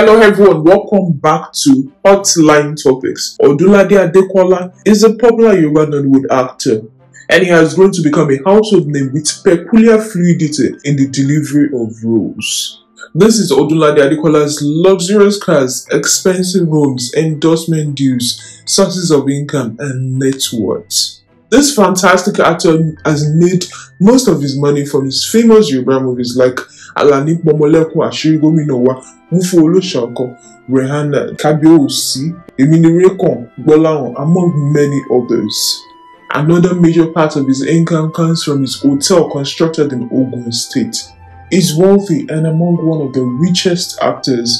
Hello everyone, welcome back to Hotline Topics. Odulade Adekola is a popular Yoruba Nollywood actor and he has grown to become a household name with peculiar fluidity in the delivery of roles. This is Odulade Adekola's luxurious cars, expensive homes, endorsement deals, sources of income and net worth. This fantastic actor has made most of his money from his famous Yoruba movies like alani pọmọlẹ́kùn àṣírí gómìnà wa mufu olóṣà ọkọ rehana kábíyèsí eminirẹkàn gbọ́láhàn among many others. Another major part of his income comes from his hotel constructed in Ogun State. He's wealthy and among one of the richest actors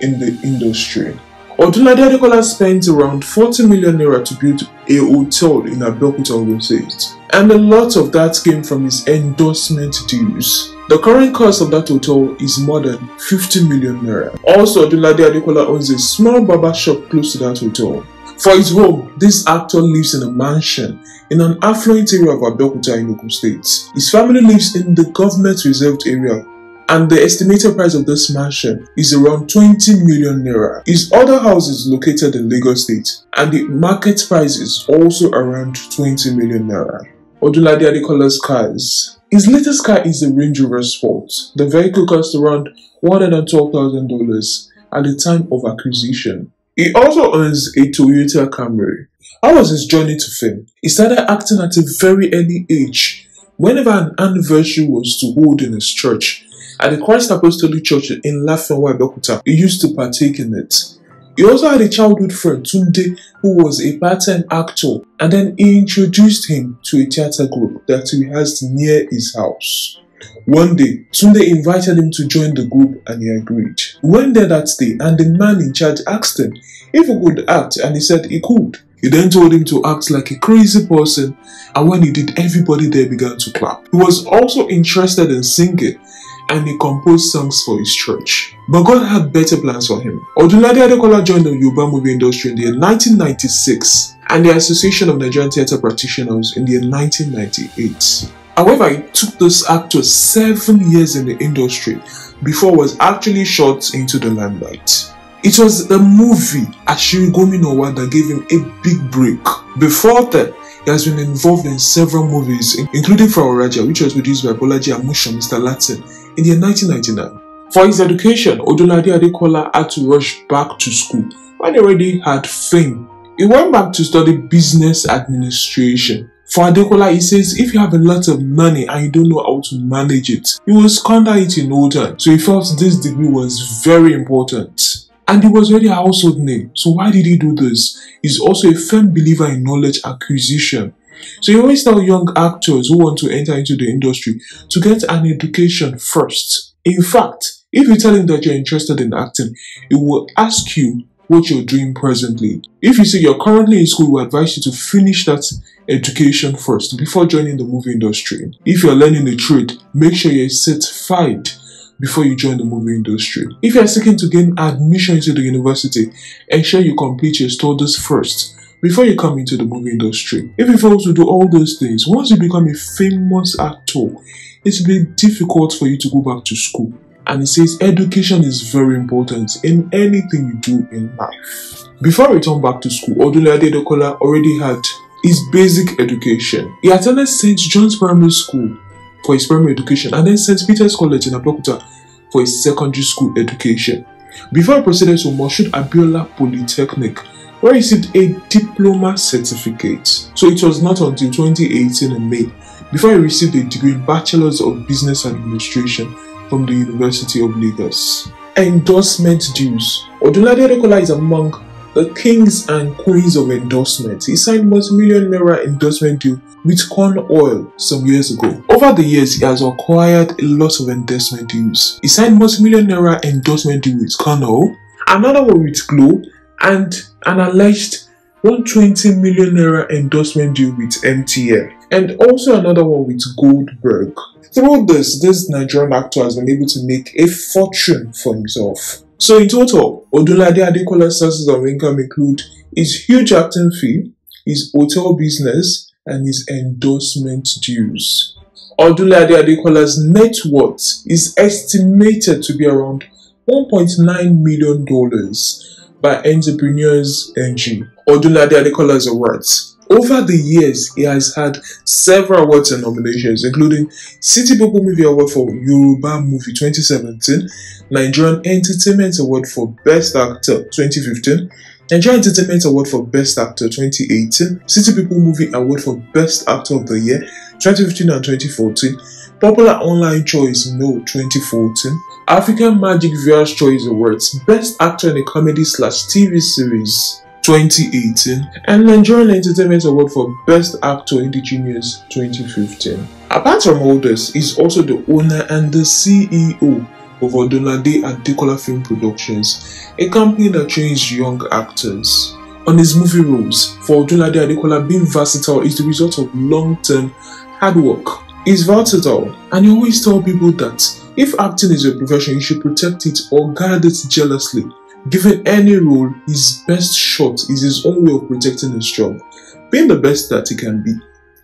in the industry. Odunlade Adekola spent around 40 million naira to build a hotel in Abeokuta, Ogun State, and a lot of that came from his endorsement dues. The current cost of that hotel is more than 50 million naira. Also, Adulade Adekola owns a small barber shop close to that hotel. For his home, this actor lives in a mansion in an affluent area of Abeokuta in Ogun State. His family lives in the government reserved area and the estimated price of this mansion is around 20 million naira. His other house is located in Lagos State and the market price is also around 20 million naira. Odulade Adekola's cars his latest car is a Range Rover Sport. The vehicle cost around $112,000 at the time of acquisition. He also owns a Toyota Camry. How was his journey to fame? He started acting at a very early age. Whenever an anniversary was to hold in his church, at the Christ Apostolic Church in Lafayette, Bokuta, he used to partake in it. He also had a childhood friend, Tunde, who was a part-time actor and then he introduced him to a theatre group that he has near his house. One day, Tunde invited him to join the group and he agreed. He went there that day and the man in charge asked him if he could act and he said he could. He then told him to act like a crazy person and when he did everybody there began to clap. He was also interested in singing and he composed songs for his church. But God had better plans for him. Odunlade Adekola joined the Yoruba movie industry in the year 1996 and the Association of Nigerian Theatre Practitioners in the year 1998. However, it took this actor seven years in the industry before was actually shot into the limelight. It was the movie Ashiri Nowa that gave him a big break. Before that, he has been involved in several movies, including Frau Raja, which was produced by Bolaji Amusha, Mr. Latin, in the year 1999. For his education, Odulade Adekola had to rush back to school when he already had fame. He went back to study business administration. For Adekola, he says if you have a lot of money and you don't know how to manage it, you will squander it in order. So he felt this degree was very important. And he was already a household name, so why did he do this? He's also a firm believer in knowledge acquisition. So you always tell young actors who want to enter into the industry to get an education first. In fact, if you tell him that you're interested in acting, it will ask you what you're doing presently. If you say you're currently in school, we advise you to finish that education first before joining the movie industry. If you're learning a trade, make sure you're certified before you join the movie industry. If you're seeking to gain admission into the university, ensure you complete your studies first before you come into the movie industry. If you fail to do all those things, once you become a famous actor, it'll be difficult for you to go back to school. And it says education is very important in anything you do in life. Before I return back to school, Odunlade Dokola already had his basic education. He attended St. John's Primary School for his primary education and then St. Peter's College in Abeokuta for his secondary school education. Before I proceeded to Moshood Abiola Polytechnic, where is it a diploma certificate. So it was not until 2018 in May before I received a degree Bachelor's of Business Administration from the University of Lagos. Endorsement dues. Odulade Rekola is among the kings and queens of endorsements. He signed multi-million naira endorsement deal with corn oil some years ago. Over the years, he has acquired a lot of endorsement deals. He signed multi-million naira endorsement deal with corn oil, another one with Glow, and an alleged 120 million naira endorsement deal with MTN and also another one with Goldberg. Through this, this Nigerian actor has been able to make a fortune for himself. So in total, Odulade Adekola's sources of income include his huge acting fee, his hotel business, and his endorsement dues. Odulade Adekola's net worth is estimated to be around $1.9 million by entrepreneurs NG. Odulade of awards. Over the years, he has had several awards and nominations, including City People Movie Award for Yoruba Movie 2017, Nigerian Entertainment Award for Best Actor 2015, Nigerian Entertainment Award for Best Actor 2018, City People Movie Award for Best Actor of the Year 2015 and 2014, popular online choice No 2014, African Magic Viewers Choice Awards Best Actor in a Comedy Slash TV Series 2018, and Nigerian Entertainment Award for Best Actor Indigenous 2015. Apart from all this, he's also the owner and the CEO of Odunade Adekola Film Productions, a company that trains young actors. On his movie roles, for Odunade Adekola being versatile is the result of long-term hard work is versatile and he always tell people that if acting is your profession, you should protect it or guard it jealously. Given any role, his best shot is his own way of protecting his job, being the best that he can be.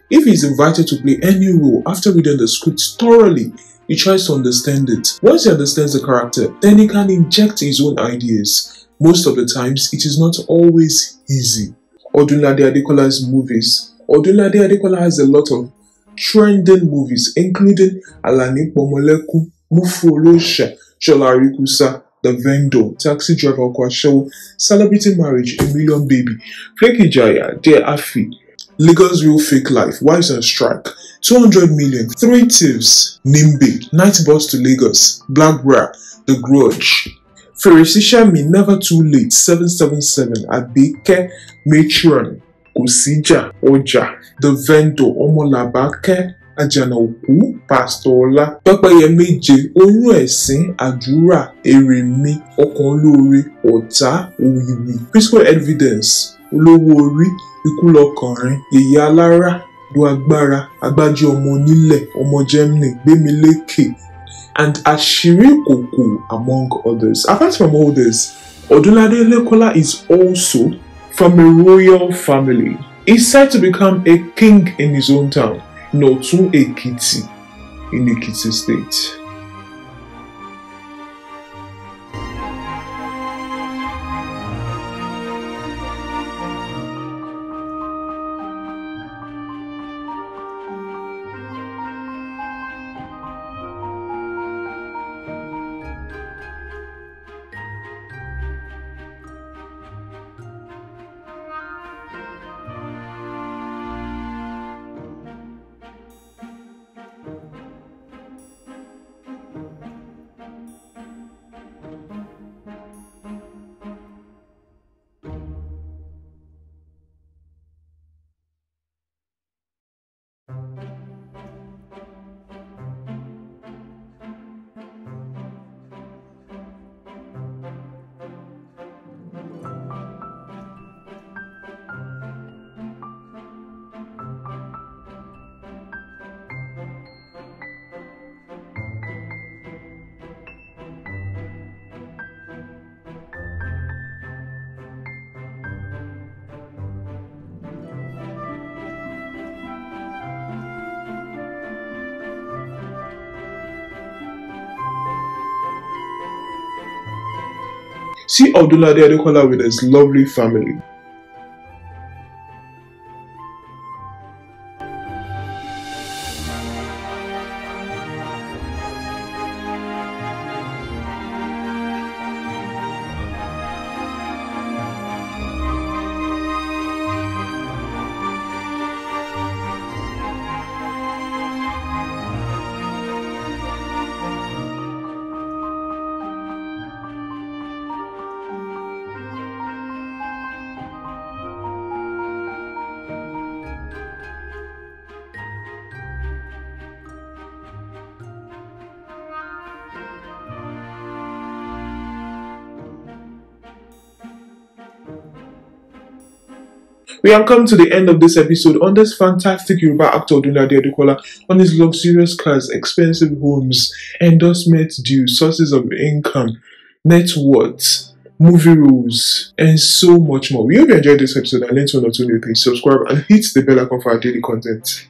If he is invited to play any role after reading the script thoroughly, he tries to understand it. Once he understands the character, then he can inject his own ideas. Most of the times, it is not always easy. Odunlade Adekola's movies. Odunlade Adekola has a lot of trending movies, including Alani Pomoleku, Mufu Olosha, Sholari Kusa, The Vendor, Taxi Driver Kwashewo, Celebrating Marriage, A Million Baby, Flaky Jaya, Dear Afi, Lagos Real Fake Life, Wives on Strike, 200 Million, Three Thieves, Nimbi, Night Bus to Lagos, Black Bra, The Grudge, Ferisisha Me Never Too Late, 777, Abike, Matron, kò síjà ọjà the vendor ọmọlàbákẹ́ àjànàkú pásítọ̀ ọlá pẹ́pẹ́yẹ méje oyún ẹ̀sìn àdúrà èrè mi ọkàn olóore ọ̀tá òwìwì physical evidence olówó orí ikú lọkànrin yèyé alára do agbára agbájú ọmọ onílẹ̀ ọmọ germany gbémilékè and àṣírí ìkòkò among others apart from all this Odunlade Elekola is also from a royal family. he said to become a king in his own town, Notun Ekiti, in Ekiti state. See Abdullah Adekola with his lovely family. We have come to the end of this episode on this fantastic Yoruba actor Odunlade Adekola on his luxurious cars, expensive homes, endorsement dues, sources of income, net worth, movie roles, and so much more. We hope you enjoyed this episode and learned one or two new things. Subscribe and hit the bell icon for our daily content.